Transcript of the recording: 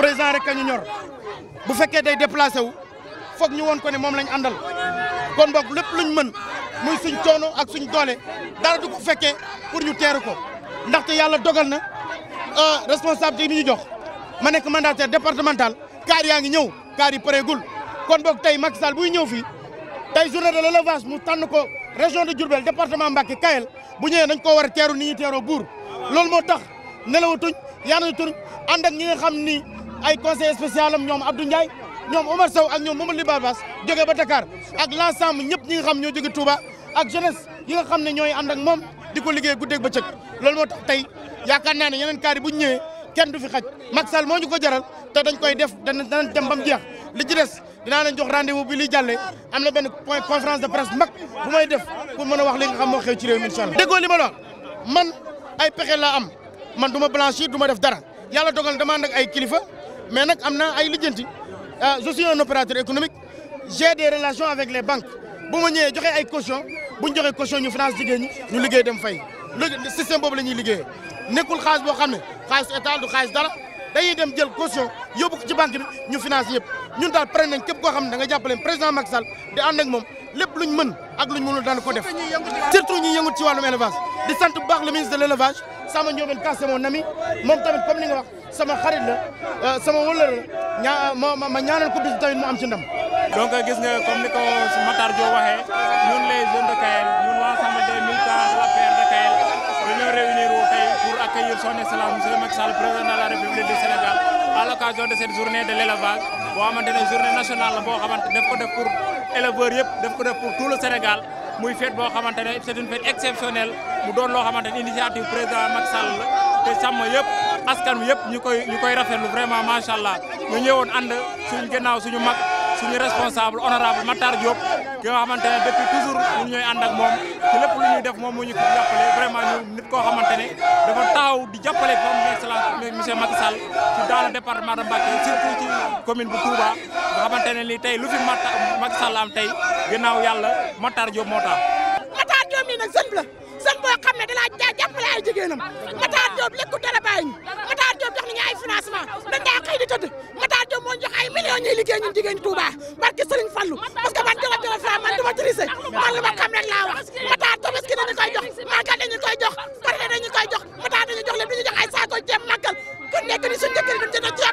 président rek kañu ñor bu fekkee day déplacé wu foog ñu woon ko ne moom lañ àndal kon boog lépp luñ mën muy suñ coono ak suñ doole dara du ko fekkee pour ñu teeru ko ndaxte yàlla dogal na euh, responsabilité bi ñu jox ma nekk mandataire départemental kaar yaa ngi ñëw kaar yi pareegul kon boog tey Macky Sall buy ñëw fii tey journée de l'élevage mu tànn ko région de Diourbel département Mbacké Kayel bu ñëwee dañ koo war a teeru ni ñuy teeroo buur loolu moo tax nelawatuñ yaanatuñ ànd ay conseil spécial am ñom Abdou ndjay ñom Omar Sow ak momo libar bass joge ba Dakar ak l'ensemble ñep ñi nga xam ñoo joge Touba ak jeunesse yi nga xam ne ñoy and ak mom di ko guddé ak bëccëg lool mo tax tay yaakaar naa ne yeneen kaar yi bu ñëwé kenn du fi xaj mak Sall mo ñu ko jaral te dañ koy def dañ danañ dem bam jeex li ci dess dina lañ jox rendez-vous bi li jallé amna ben point conférence de presse mak bu may def pour mëna wax li nga xam mo xew ci réew mi inshallah allah. li ma la man ay pexé la am man duma blanchir duma def dara yalla dogal dama ànd ak ay kilifa. mais nak amna ay lijjanti euh, je suis un opérateur économique j'ai des relations avec les banques buma ma joxé ay caution bu ñu joxe caution ñu finance jigéen ñi ñu liggé dem fay le système bobu la ñuy liggéeyee nekkul xaalis boo xam ne état du xaalis dara dañuy dem jël caution yóbbu ko ci banque bi ñu finance yépp ñun daal pare nañ képp ko xamné da nga jappalé président Macky Sall di and ak mom lepp luñ mën ak luñ mënul daan ko def surtout ñuy yëngu ci wàllum élevage di sant bu baax le ministre de l'élevage sama ami, mon ami mom tamit comme ni nga wax sama xarit la donc gis nga comme ni ko Matar les jeunes de Kael ñun wa la père de Kael réunir wu pour accueillir son excellence monsieur Macky président de la République du Sénégal à l'occasion de cette journée de l'élevage bo journée nationale la pour tout le Sénégal. muy fête boo xamante ne c'est une fête exceptionnelle mu doon loo xamante ne initiative président Macky Sall la te sàmm yëpp askan wi yëpp ñu koy ñu koy rafetlu vraiment macha allah ñu ñëwoon ànd suñu gannaaw suñu mag. suñu responsable honorable Matar Diop ki nga xamante ne depuis toujours ñun ñooy ànd moom ci lépp lu ñuy def moom moo ñu ko jàppale vraiment ñu nit koo xamante ne dafa taaw di jàppale comme son excellence monsieur Macky Sall ci dans le département de Mbacké surtout ci commune bu Touba nga ne lii tey lu fi Mata Macky Sall am tey ginnaaw yàlla Matar Diop moo tax. Matar Diop mii nag sëñ la sëñ boo xam ne dalaa jàppale ay jigéenam Matar Diop lékku dara bàyyi ñu Matar yow moo jox ay millions ñuy liggéey ñun jigéen Touba barke Serigne Fallou parce que man joxante la fra laa wax mataa tabaski dañu koy jox màggal dañu koy jox paré dañu koy jox mataa dañu jox lépp dañu jox ay saako ceeb màggal ku nekk